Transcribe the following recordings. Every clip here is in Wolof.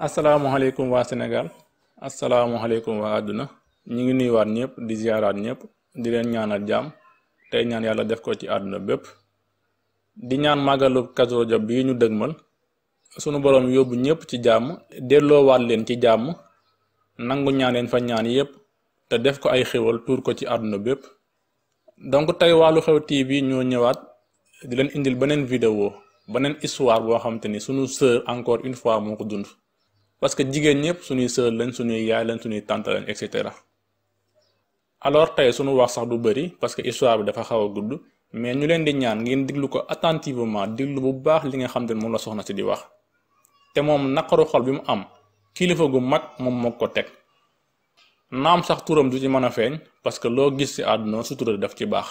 asalaamaaleykum waa Sénégal asalaamaaleykum waa àdduna ñu ngi nuyuwaat ñëpp di ziaraat ñëpp di leen ñaanal jàmm tey ñaan yàlla def ko ci àdduna bépp di ñaan màggalu Kazu Rajab bii ñu dëgmal sunu boroom yóbbu ñëpp ci jàmm delloowaat leen ci jàmm nangu ñaan leen fa ñaan yëpp te def ko ay xéwal tuur ko ci àdduna bépp donc tey wàllu xew TV ñoo ñëwaat di leen indil beneen vidéo beneen histoire boo xam te ni sunu sœur encore une fois moo ko dund parce que jigéen ñëpp suñuy sœur lañ suñuy yaay lañ suñuy tante lañ et cetera alors tey suñu wax sax du bëri parce que histoire bi dafa xaw a gudd mais ñu leen di ñaan ngeen diglu ko attentivement diglu bu baax li nga xam ne moom la soxna si di wax te moom naqaru xol bi mu am kilifa gu mag moom moo ko teg naam sax turam du ci mën a feeñ parce que loo gis ci àdduna sutura def ci baax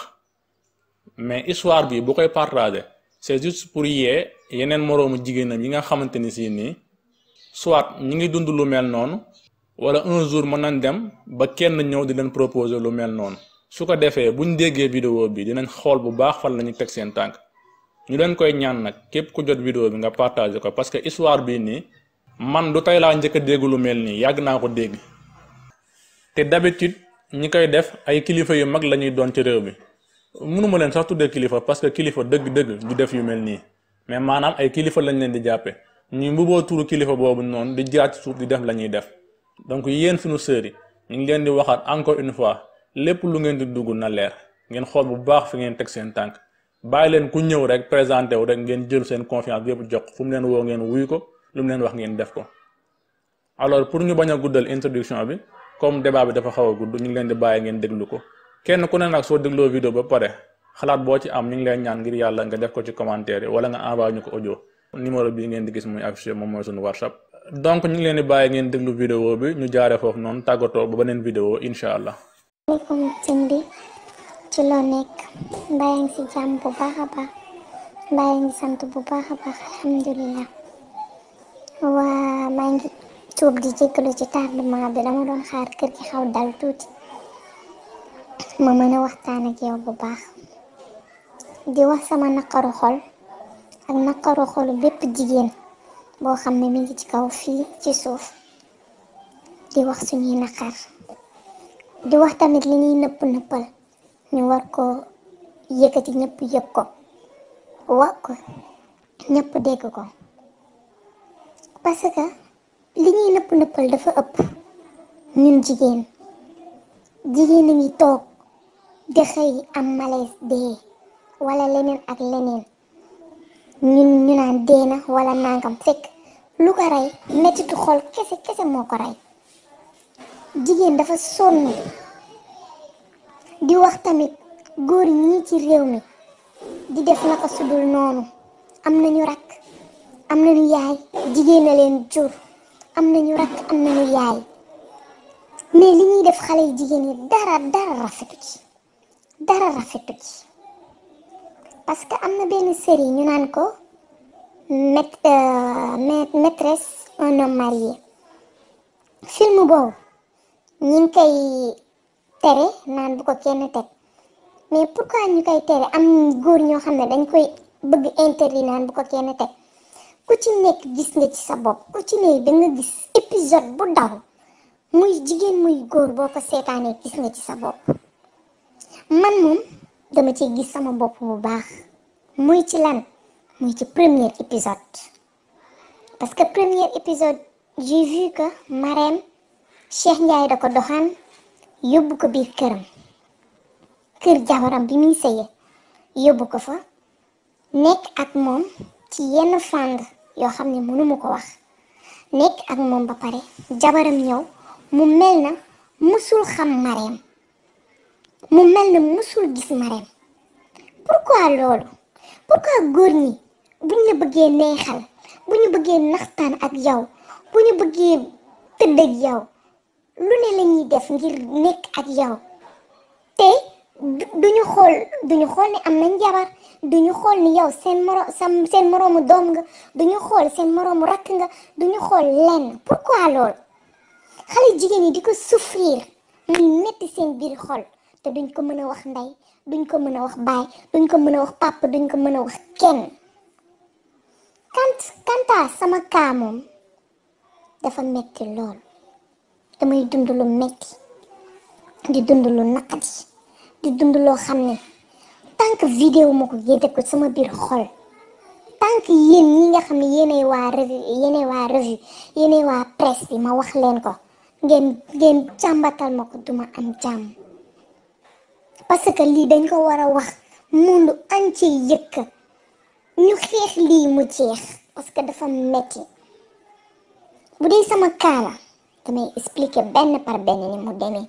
mais histoire bi bu koy partagé c'est juste pour yee yeneen moroomu jigéenam yi nga xamante ni si nii soit ñu ngi dund lu mel noonu wala un jour mën nañ dem ba kenn ñëw di leen proposer lu mel noonu su ko defee buñ déggee vidéo bi dinañ xool bu baax fan la ñu teg seen tànk ñu leen koy ñaan nag képp ku jot vidéo bi nga partage ko parce que histoire bii nii man lu tey laa njëkk dégg lu mel nii yàgg naa ko dégg te d'habitude ñi koy def ay kilifa yu mag la ñuy doon ci réew bi mënuma leen sax tuddee kilifa parce que kilifa dëgg-dëgg du def yu mel nii mais maanaam ay kilifa lañ leen di jàppee. ñu mbuboo turu kilifa boobu noonu di jaat suuf di def la ñuy def donc yéen suñu sœurs yi ñu ngi leen di waxaat encore une fois lépp lu ngeen di dugg na leer ngeen xool bu baax fi ngeen teg seen tànk bàyyi leen ku ñëw rek présenté wu rek ngeen jël seen confiance yépp jox fu mu leen woo ngeen wuyu ko lu mu leen wax ngeen def ko alors pour ñu bañ a guddal introduction bi comme débat bi dafa xaw a gudd ñu ngi leen di bàyyi ngeen déglu ko kenn ku ne nag soo dégloo vidéo ba pare xalaat boo ci am ñu ngi leen ñaan ngir yàlla nga def ci commentaire yi wala nga envoyé ko audio numéro bii ngeen di gis muy affiché moom mooy suñu whatsapp donc ñu ngi leen di bàyyi ngeen déglu vidéo bi ñu jaaree foofu noonu tàggatoo ba beneen vidéo incha allah. waaleykum sëñ ci sant bu baax a baax alhamdulilah waa maa ngi tuub di jégalu ci tardement bi dama doon xaar kër gi xaw dal tuuti ma mën waxtaan ak yow bu baax di wax sama naqaru xol. ak naqaru xolu bépp jigéen boo xam ne mi ngi ci kaw fii ci suuf di wax suñuy naqar di wax tamit li ñuy nëpp nëppal ñu war ko yëkkati ñëpp yëg ko wax ko ñëpp dégg ko parce que li ñuy nëpp nëppal dafa ëpp ñun jigéen jigéen a ngi toog di xëy am malaise dee wala leneen ak leneen ñun naan dee na wala nangam fekk lu ko rey mettitu xol kese kese moo ko jigéen dafa sonn di wax tamit góor ñi ci réew mi def naka am na ñu am nañu yaay jigéen a leen jur am nañu rakk am nañu yaay mais li ñuy def xale yu jigéen yi dara dara rafetu ci dara rafetu ci. parce que am na benn série ñu naan ko euh, maîtresse un homme marié film boobu ñi ngi koy tere naan bu ko kenn teg mais pourquoi ñu koy tere am góor ñoo xam ne dañ koy bëgg interdit naan bu ko kenn teg ku ci nekk gis nga ci sa bopp ku ci nekk da nga gis épisode bu daw muy jigéen muy góor boo ko seetaanee gis nga ci sa bopp man moom dama ci gis sama bopp bu baax muy ci lan muy ci premier épisode parce que premier épisode j'ai vu que Marème Cheikh Ndiaye da ko doxaan yóbbu ko biir këram kër jabaram bi muy sëye yóbbu ko fa nekk ak moom ci yenn fànd yoo xam ne mënuma ko wax nekk ak moom ba pare jabaram ñëw mu mel na musul xam Marème mu mel ne musul gis mareem pourquoi loolu pourquoi góor ñi bu ñu la bëggee bu ñu bëggee naxtaan ak yow bu ñu bëggee tëdd ak lu ne la def ngir nekk ak yow te duñu xool duñu xool ni am nañ jabar duñu xool ni yow seen moro seen moroomu doom nga xool seen moroomu rakk nga duñu xool lenn pourquoi loolu xale jigéen yi di ko souffrir muy metti seen biir xol te duñ ko mën a wax ndey duñ ko mën a wax baay duñ ko mën a wax papa duñ ko mën a wax kenn kant kanta sama kaa moom dafa metti lool damay dund lu metti di dund lu naqadi di dund loo xam ne tant que ko génne ko sama biir xol tant que yéen ñi nga xam waa revue yéenay waa revue ma wax leen ko ngeen ngeen jàmbatal ma ko duma am jàmm parce que lii dañ koo war a wax monde entier yëkk ñu xeex lii mu jeex parce que dafa metti bu dee sama kaala damay expliquer benn par benn ni mu demee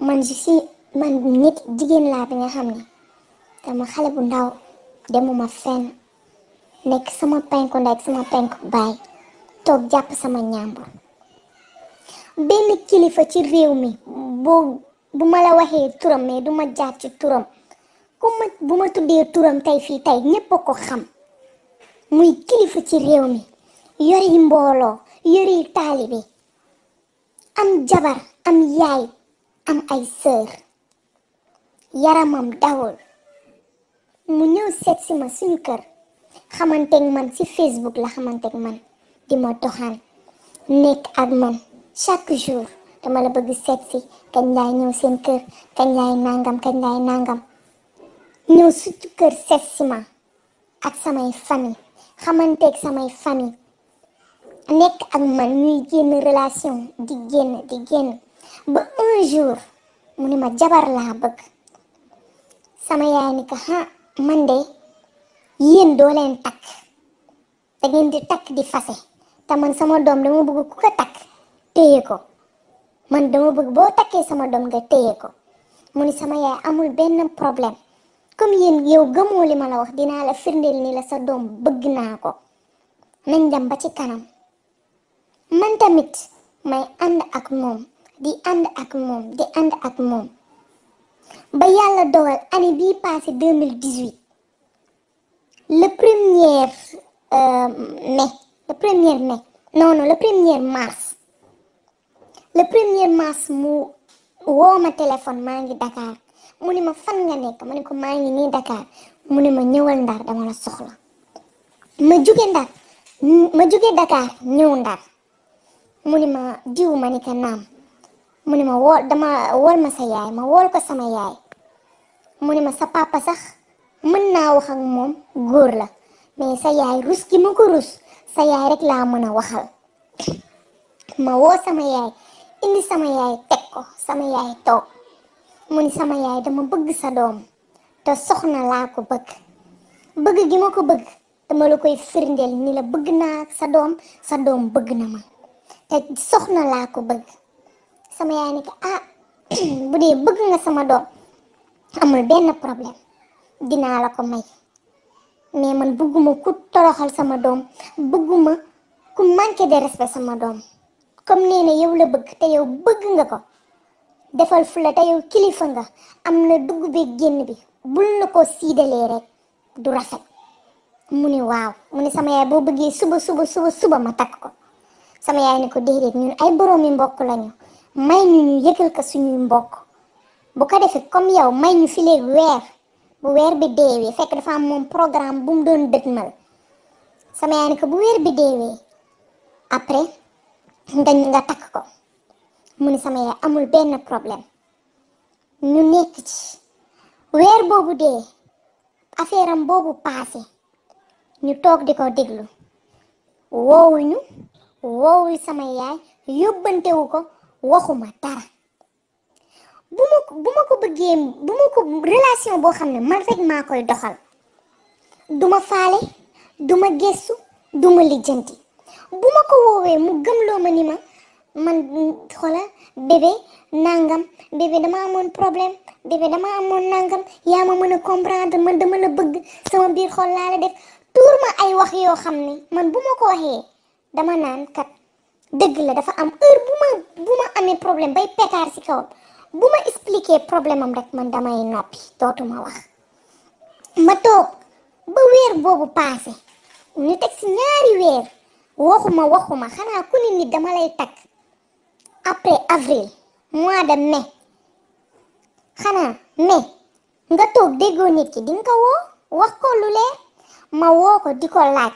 man je suis man nit jigéen laa bi nga xam ne dama xale bu ndaw demuma fenn nekk sama penku ndey ak sama penku baay toog jàpp sama ñàmbur benn kilifa ci réew mi boo bu ma la waxee turam mais du ma jaar ci turam ku ma bu ma tuddee turam tey fii tay ñépp a ko xam muy kilifa ci réew mi yori mbooloo yori taalibe am jabar am yaay am ay sœur yaramam dawul mu ñëw seet si ma suñu kër xamanteeg man ci Facebook la xamanteeg man di ma nekk ak man chaque jour dama la bëgg seet si kañ laay ñëw seen kër kañ nangam kañ laay nangam ñëw surtout kër seet si ma ak samay famille xamanteeg samay famille nekk ak man ñuy génn relation di génn di génn ba mu ne ma jabar laa bëgg sama yaay ni ko ah man de yéen takk da ngeen takk di fase te sama doom dama bëgg ku ko takk téye ko. man bëgg boo takkee sama doom nga téye ko mu ni sama yaay amul benn problème comme yéen yow gëmoo li ma la wax dinaa la firndeel ni la sa doom bëgg naa ko nañ dem ba ci kanam man tamit may ànd ak moom di ànd ak moom di ànd ak moom ba yàlla dogal année bii passé 2018 le mai le premier mai non non le mars le premier mars mu woo téléphone maa ngi Dakar mu ne ma fan nekk ma ko maa ngi nii Dakar mu ne ma ñëwal Ndar dama la soxla ma jóge Ndar ma jóge Dakar ñëw Ndar mu ne ma diw ma ni ko naam mu ne ma wool dama wool ma sa yaay ma wool ko sama yaay mu ne ma sa sax mën naa wax moom góor la mais sa rus gi ma ko rus sa yaay rek mën a waxal ma woo sama yaay indi sama yaay teg ko sama yaay toog mu ni sama yaay dama bëgg sa doom te soxna laa ko bëgg bëgg gi ma ko bëgg dama la koy firndeel ni la bëgg naa sa doom sa doom bëgg na ma te soxna laa ko bëgg sama yaay ni ko ah bu dee bëgg nga sama doom amul benn problème dinaa la ko may mais man bëgguma ku toroxal sama doom bëgguma ku manqué de respect sama doom comme nee na yow la bëgg te yow bëgg nga ko defal fula te yow kilifa nga am na dugg bi génn bi bul na ko siidalee rek du rafet mu ni waaw mu ni sama yaay boo bëggee suba suba suba ma takk ko sama yaay ni ko déedéet ñun ay mbokk lañu may mbokk bu ko bu weer bi deewee fekk dafa moom programme bu mu doon dëgmal sama yaay ni ko bu weer bi deewee après dañ nga takk ko mu ni sama yaay amul benn problème ñu nekk ci weer boobu dee affaire boobu paase ñu toog di ko déglu woowuñu woowu sama yaay yóbbantewu ko waxuma dara bu ma bu ma ko bëggee bu ma ko relation boo xam ne man rek maa koy doxal duma faale duma gëstu duma lijjanti bu ma ko woowee mu gëmloo ma ni ma man xoola bébé nangam bébé dama amoon nangam yaa ma mën a comprendre man dama la naan kat dëgg la dafa am heure bu ma amee problème bay pétaar ci kawam bu ma expliquer problème am man damay noppi dootuma wax ma toog ba weer boobu passé ñu teg ci ñaari weer waxuma waxuma xanaa ku ni nit dama lay takk après avril mois de mai xanaa mai nga toog déggoo nit ki di ko woo wax ko lu leer ma woo ko di ko laaj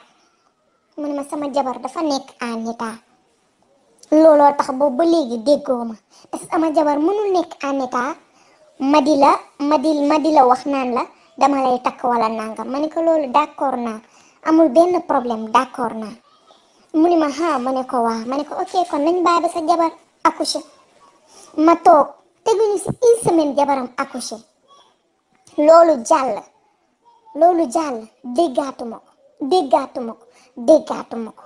mu ne sama jabar dafa nekk en état looloo tax boobu ba léegi déggoo ma parce sama jabar mënul nekk en état ma di la ma di ma di la wax naan la dama lay takk wala nangam ma ne ko loolu d'accord naa amul benn problème d'accord naa mu ni ma ha ma ne ko waa ma ne ko ok kon nañ bàyyi ba sa jabar accouché ma toog teguñu si une semaine jabaram accouché loolu jàll loolu jàll déggaatuma ko déggaatuma ko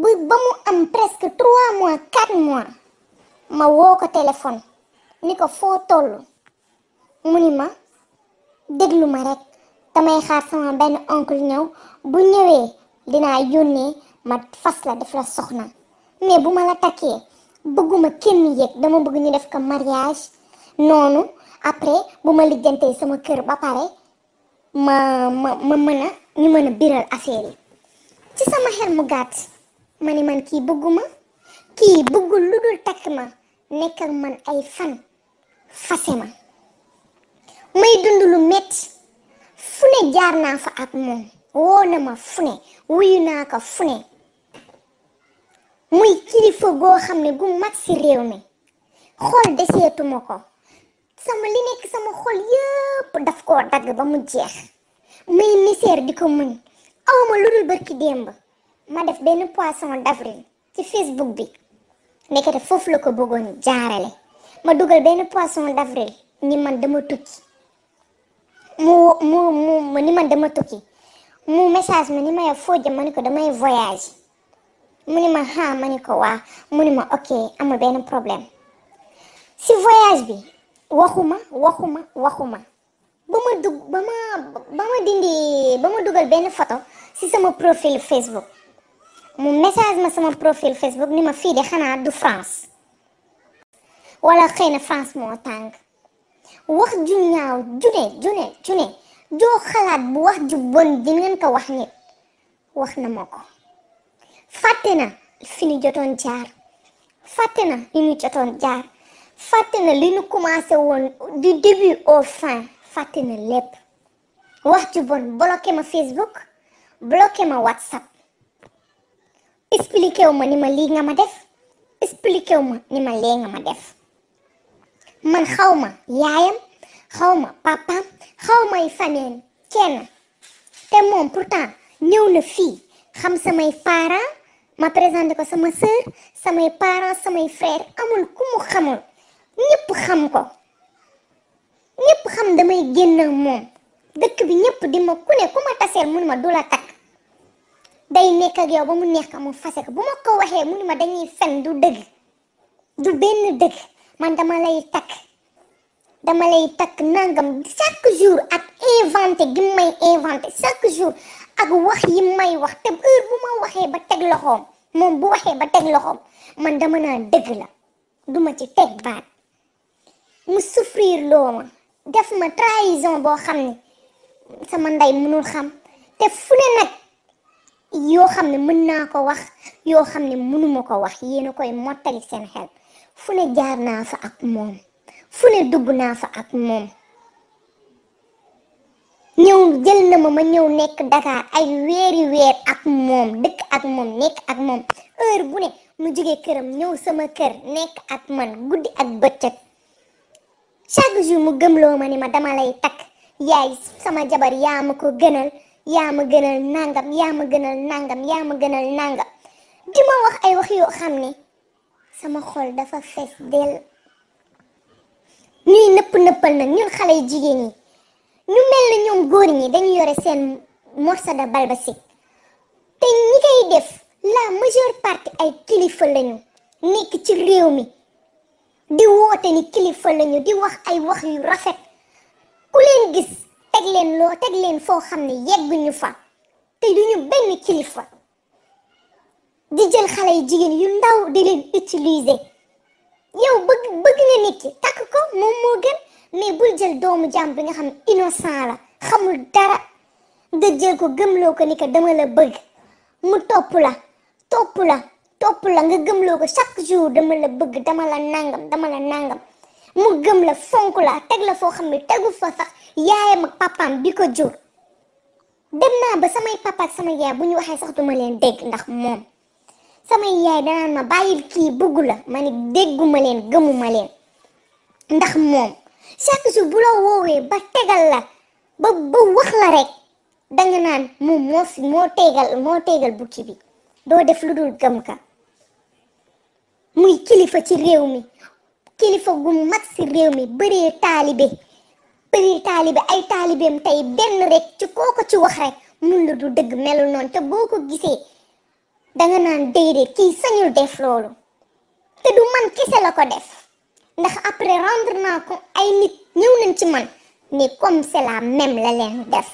bu ba mu am presque trois mois quatre mois ma woo ko téléphone ni ko foo toll mu ni ma déglu ma rek damay xaar sama benn oncle ñëw bu ñëwee dinaa yónnee ma fas la def la soxna mais bu ma la takkee bëgguma kenn yëg dama bëgg ñu def ko mariage noonu après bu ma lijjantee sama kër ba pare ma ma ma mën a biral affaire ci sama xel mu gàtt ma ni man ak man ay fan fase ma may dund lu metti fu ne jaar naa fa ak moom woona ma fu ne wuyu naa ko fu ne muy kilifa goo xam ne gu mag si réew mi xool deseetuma ko sama li nekk sama xol yëpp daf koo dagg ba mu jeex muy misère di ko muñ awma lu dul barki démb ma def benn poisson d'avril ci facebook bi nekkete foofu la ko bëggoon jaarale ma dugal benn poisson d'avril ni man dama tukki mu mu mu ni man dama tukki mu message ma ni ma yow foo ma ni ko damay voyage mu ni ma ha ma ko waa mu ni ma ok amul benn problème si voyage bi waxuma waxuma waxuma ba ma dug ba ma ba ma dindi ba ma dugal benn photo si sama profil Facebook mu message ma sama profil Facebook ni ma fii de xanaa du France wala xëy na France moo tàng wax ju ñaaw ju joo xalaat bu wax ju bon di ngeen ko wax nit wax na ma ko fàtte na fi jaar fàtte na li ñu jotoon commencé woon du début au fin fàtte na lépp wax ju bon bloqué ma Facebook bloqué ma WhatsApp expliqué wu ma ni ma lii nga ma def expliqué wu ma ni ma lee nga ma def man xaw ma yaayam xaw ma papaam xaw may famille kenn te moom pourtant ñëw na fii xam samay parents ma présenté ko sama sœur samay parents samay frère amul ku mu xamul xam ko ñëpp xam damay génn ak moom dëkk bi ñëpp di ma ku ne taseel mun ma takk day nekk ak yow ba neex ko mu fase ko bu ma ko waxee mun ma dañuy fen du dëgg du benn dëgg man dama lay takk. dama lay takk nangam chaque jour ak inventé gi inventé chaque jour ak wax yi may wax te heure bu ma waxee ba teg loxoom moom bu waxee ba teg loxoom man dama naan dëgg duma ci teg baat mu souffrir loo ma ma trahison boo xam ni sama ndey mënul xam te fu ne nag yoo xam ne mën naa ko wax yoo xam ne mënuma ko wax yéena koy mottali seen xel fu jaar naa fa ak moom fu ne dugg naa fa ak moom ñëw jël na ma ma ñëw nekk Dakar ay weeri weer ak moom dëkk ak moom nekk ak moom heure bu ne mu jógee këram ñëw sama kër nekk ak man guddi ak bëccëg chaque jour mu gëmloo ma ni ma dama lay takk yaay sama jabar yaa ma ko gënal yaa ma gënal nangam yaa ma gënal nangam yaa di ma wax ay wax xam ne sama xol dafa fees del ñuy nëpp nëppal nag ñun xale yu jigéen yi ñu mel na ñoom góor ñi dañu yore seen morceau de balbasique te ñi koy def la majeure partie ay kilifa lañu nekk ci réew mi di woote ni kilifa lañu di wax ay wax yu rafet ku leen gis teg leen loo teg leen foo xam ne yegguñu fa te duñu benn kilifa di jël xale yu jigéen yu ndaw di leen utiliser. yow bëgg bëgg nga nit takk ko moom moo gën mais bul jël doomu jàmm bi nga xam innocent la xamul dara nga jël ko gëmloo ko ni que dama la bëgg mu topp la topp la topp la nga gëmloo ko chaque jour dama la bëgg dama la nangam dama la nangam mu gëm la fonk la teg la foo xam ne tegu fa sax yaayam ak papaam bi ko jur dem naa ba samay papa ak sama yaay bu ñu waxee sax duma leen dégg ndax moom. samay yaay danaan ma bàyyil kii bugg la ma ni dégguma leen gëmuma ndax moom chaque jour woowee ba tegal la ba ba wax la rek moo tegal moo bi doo def lu dul gëm ka muy kilifa ci réew mi kilifa gu ci réew mi bëree taalibe bëree taalibe ay taalibeem tey benn rek ci kooko ci wax rek mun du dëgg melu noonu te boo ko gisee danga naan déedéet kii sañul def loolu te du man kese la ko def ndax après rendre naa ko ay nit ñëw nañ ci man ni comme c'est la même la leen def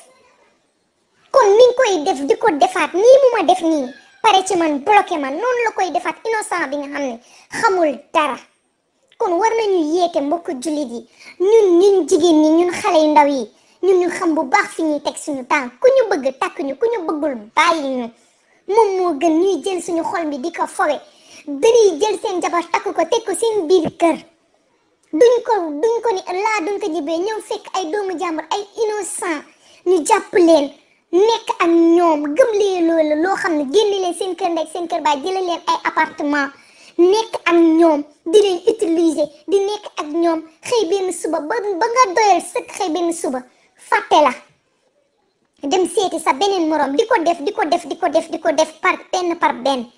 kon ni nga koy def di ko defaat nii mu ma def nii pare ci man bloqué man noonu la koy defaat innocent bi nga xam ne xamul dara kon war nañu yeete mbokk jullit yi ñun ñun jigéen ñi ñun xale yu ndaw yi ñun ñu xam bu baax fi ñuy teg suñu tànk ku ñu bëgg tàkk ñu ku ñu bëggul bàyyi ñu moom moo gën ñuy jël suñu xol bi di ko fowe dañuy jël seen jabar takk ko teg ko seen biir kër duñ ko duñ ko ni laa duñ ko jibee ñoom fekk ay doomu jàmbur ay innocent ñu jàpp leen nekk ak ñoom gëm leen loolu loo xam ne génne leen seen kër ndey seen kër baay jële ay appartement nekk ak ñoom di leen utiliser di nekk ak ñoom xëy benn suba ba nga doyal sëkk xëy benn suba fàtte la dem seeti sa beneen morom di ko def di ko def di ko def di ko def par benn par benn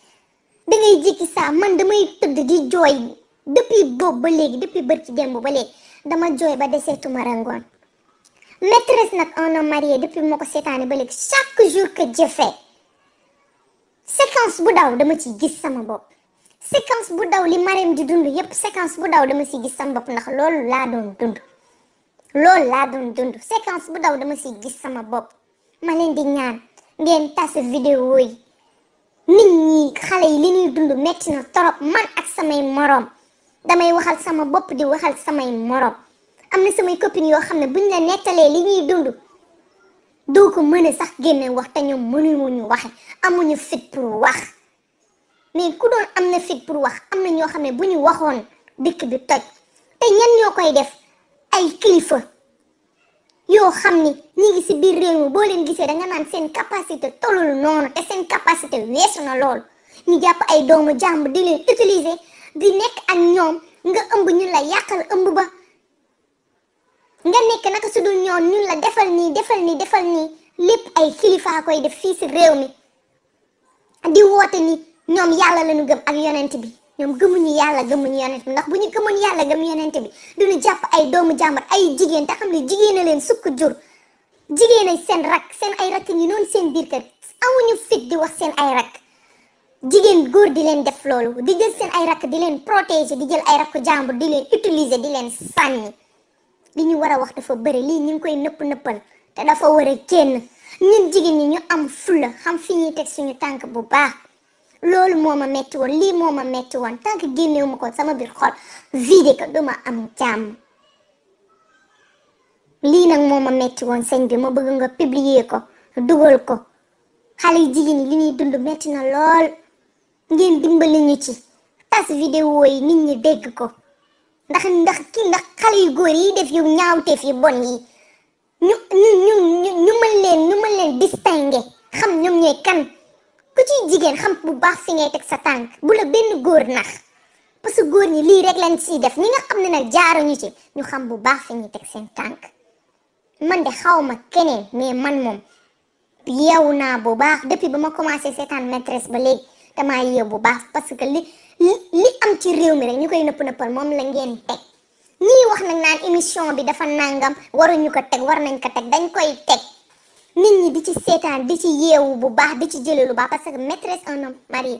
da ngay jékki saa man damay tëdd di jooy depuis boobu ba léegi depuis bërki démb ba léegi dama jooy ba deseetuma rangoon maîtresse nag un homme marié depuis moo ko seetaane ba léegi chaque jour que je fais séquence bu daw dama ci gis sama bopp séquence bu daw li Marème di dund yépp séquence bu daw dama ci gis sama bopp ndax loolu laa doon dund loolu laa doon dund séquence bu daw dama ci gis sama bopp malendinaan ngeen tas vidéo yi nit ñi xale yi li ñuy dund metti na torop man ak samay moroom damay waxal sama bopp di waxal samay moroom am na samay copines yoo xam ne buñ la nettalee li ñuy dund ko mën sax génne wax te ñoom mënuñu waxe amuñu fit pour wax mais ku doon am na fit pour wax am na ñoo xam ne bu ñu waxoon dëkk bi toj te ñan ñoo koy def ay kilifa yoo xam ni ñi ngi si biir réew mi boo leen gisee da nga naan seen capacité tolul noonu te seen capacité weesu na lool ñu jàpp ay doomu jàmb di leen utiliser di nekk ak ñoom nga ëmb ñun la yàqal ëmb ba nga nekk naka su dul ñoon ñun la defal nii defal nii defal nii lépp ay kilifaa koy def fii si réew mi di woote ni ñoom yàlla lañu gëm ak yonent bi ñoom gëmuñu yàlla gëmuñu yonent bi ndax bu ñu gëmoon yàlla gëm yonent bi duñu jàpp ay doomu jàmbar ay jigéen te ne jigéen a leen sukk jur jigéen ay seen rakk seen ay rakk ñi noonu seen biir kër amuñu fit di wax seen ay rakk jigéen góor di leen def loolu di jël seen ay rakk di leen protéger di jël ay rakku jàmbur di leen utiliser di leen sànni li ñu war a wax dafa bëri lii ñu ngi koy nëpp nëppal te dafa war a génn ñun jigéen ñi ñu am fulla xam fi ñuy teg suñu tànk bu baax loolu moo ma métti woon lii moo ma métti woon tant que génnewuma ko sama biir xol vide ko duma am jàmm lii nag moo ma métti woon sëñ bi ma bëgg nga publier ko dugal ko xale yu jigéen ñi li ñuy dund métti na lool ngeen dimbali ñu ci tas vidéo yi nit ñi dégg ko ndax ndax kii ndax xale yu góor yi def yu ñaawteef yu bon yi ñu ñu ñu ñu mën leen ñu mën leen distinguer xam ñoom ñooy kan. ku ciy jigéen xam bu baax fi ngay teg sa tànk bu la benn góor nax parce que góor ñi lii rek lañ siy def ñi nga xam ne nag jaaruñu ci ñu xam bu baax fi ñuy teg seen tànk man de xaw ma keneen mais man moom yeewu naa bu baax depuis ba ma commencé seetaan maîtresse ba léegi damaa yeew bu baax parce que li li am ci réew mi rek ñu koy nëpp nëppal moom la ngeen teg nag naan émission bi dafa nangam waruñu ko teg war nañ ko teg dañ koy teg. nit ñi di ci seetaan di ci yeewu bu baax di ci jëlee lu baax parce que maîtresse un homme marié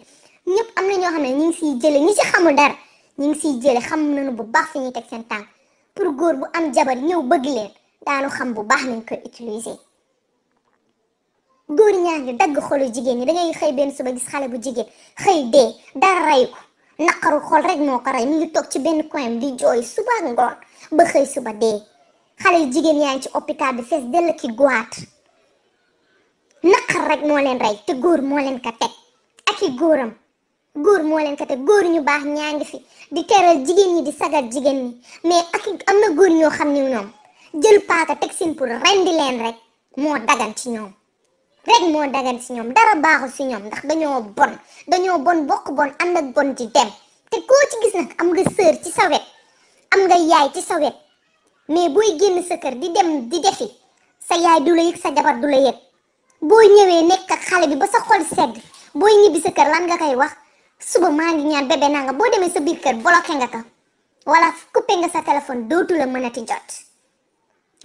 ñëpp am na ñoo xam ne ñu ngi siy jëlee ñi ci xamul dara ñu ngi siy jëlee xam nañu bu baax fi ñuy teg seen tànk pour góor bu am jabar ñëw bëgg leen daanu xam bu baax nañ koy utiliser. góor ñaa ngi dagg xolu jigéen ñi da ngay xëy benn suba gis xale bu jigéen xëy dee dara rey ko naqaru xol rek moo ko rey mu ngi toog ci benn coin di jooy suba ngoon ba xëy suba dee xale yu jigéen yaa ngi ci hôpital bi fees dell ki guwaat. naqar rek moo leen rey te góor moo leen ko teg ak i góoram góor moo leen ko teg góor ñu baax ñaa ngi fi di teral jigéen ñi di sagal jigéen ñi mais ak am na góor ñoo xam ne ñoom jël paaka teg seen pour rendi leen rek moo dagan ci ñoom moo dagan ci ñoom dara baaxul si ñoom ndax dañoo bon dañoo bon bokk bon ànd ak bon di dem te koo ci gis nag am nga sœur ci sa wet am nga yaay ci sa wet mais booy génn sa kër di dem di defi sa yaay du la yëg sa jabar du la yëg boo ñëwee nekk ak xale bi ba sa xol sedd booy ñibbi sa kër lan nga koy wax suba maa ngi ñaan bébé naa nga boo demee sa biir kër bloqué nga ko wala coupé nga sa téléphone dootu la mënati jot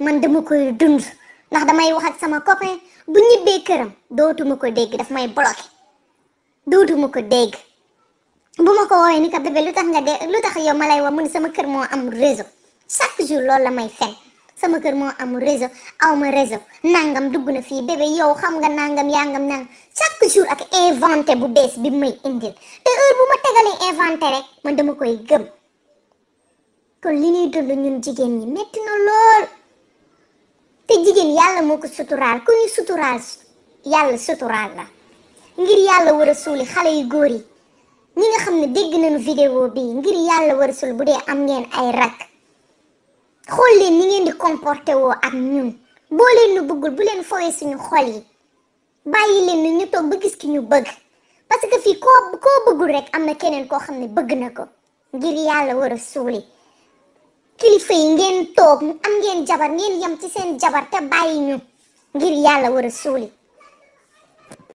man dama koy dund ndax damay wax ak sama copain bu ñibbee këram dootuma ko dégg daf may bloqué dootuma ko dégg bu ma ko woowee ni ko bébé lu tax nga dé lu tax yow ma lay wax mu ni sama kër moo am réseau chaque jour loolu la may fen sama kër moo amul réseau aw ma réseau nangam dugg na fii bébé yow xam nga nangam yangam nangam chaque jour ak inventé bu dees bi may indil te heure bu ma tegalee inventé rek man dama koy gëm kon li ñuy dund ñun jigéen ñi metti na lool te jigéen la moo ko suturaal ku ñu suturaal yàlla suturaal la ngir yàlla war a xale yu góor yi nga xam ne dégg nañu vidéo bii ngir yàlla war a bu dee am ngeen ay rakk xool leen ni ngeen di comporté woo ak ñun boo leen nu bëggul bu leen fowee suñu xol yi bàyyi leen ñu toog ba gis ki ñu bëgg parce que fii koo bëggul rek am na keneen koo xam ne bëgg na ko ngir yàlla war a suuli kilifa yi ngeen toog am ngeen jabar ngeen yem ci seen jabar te bàyyi ñu ngir yàlla war a suuli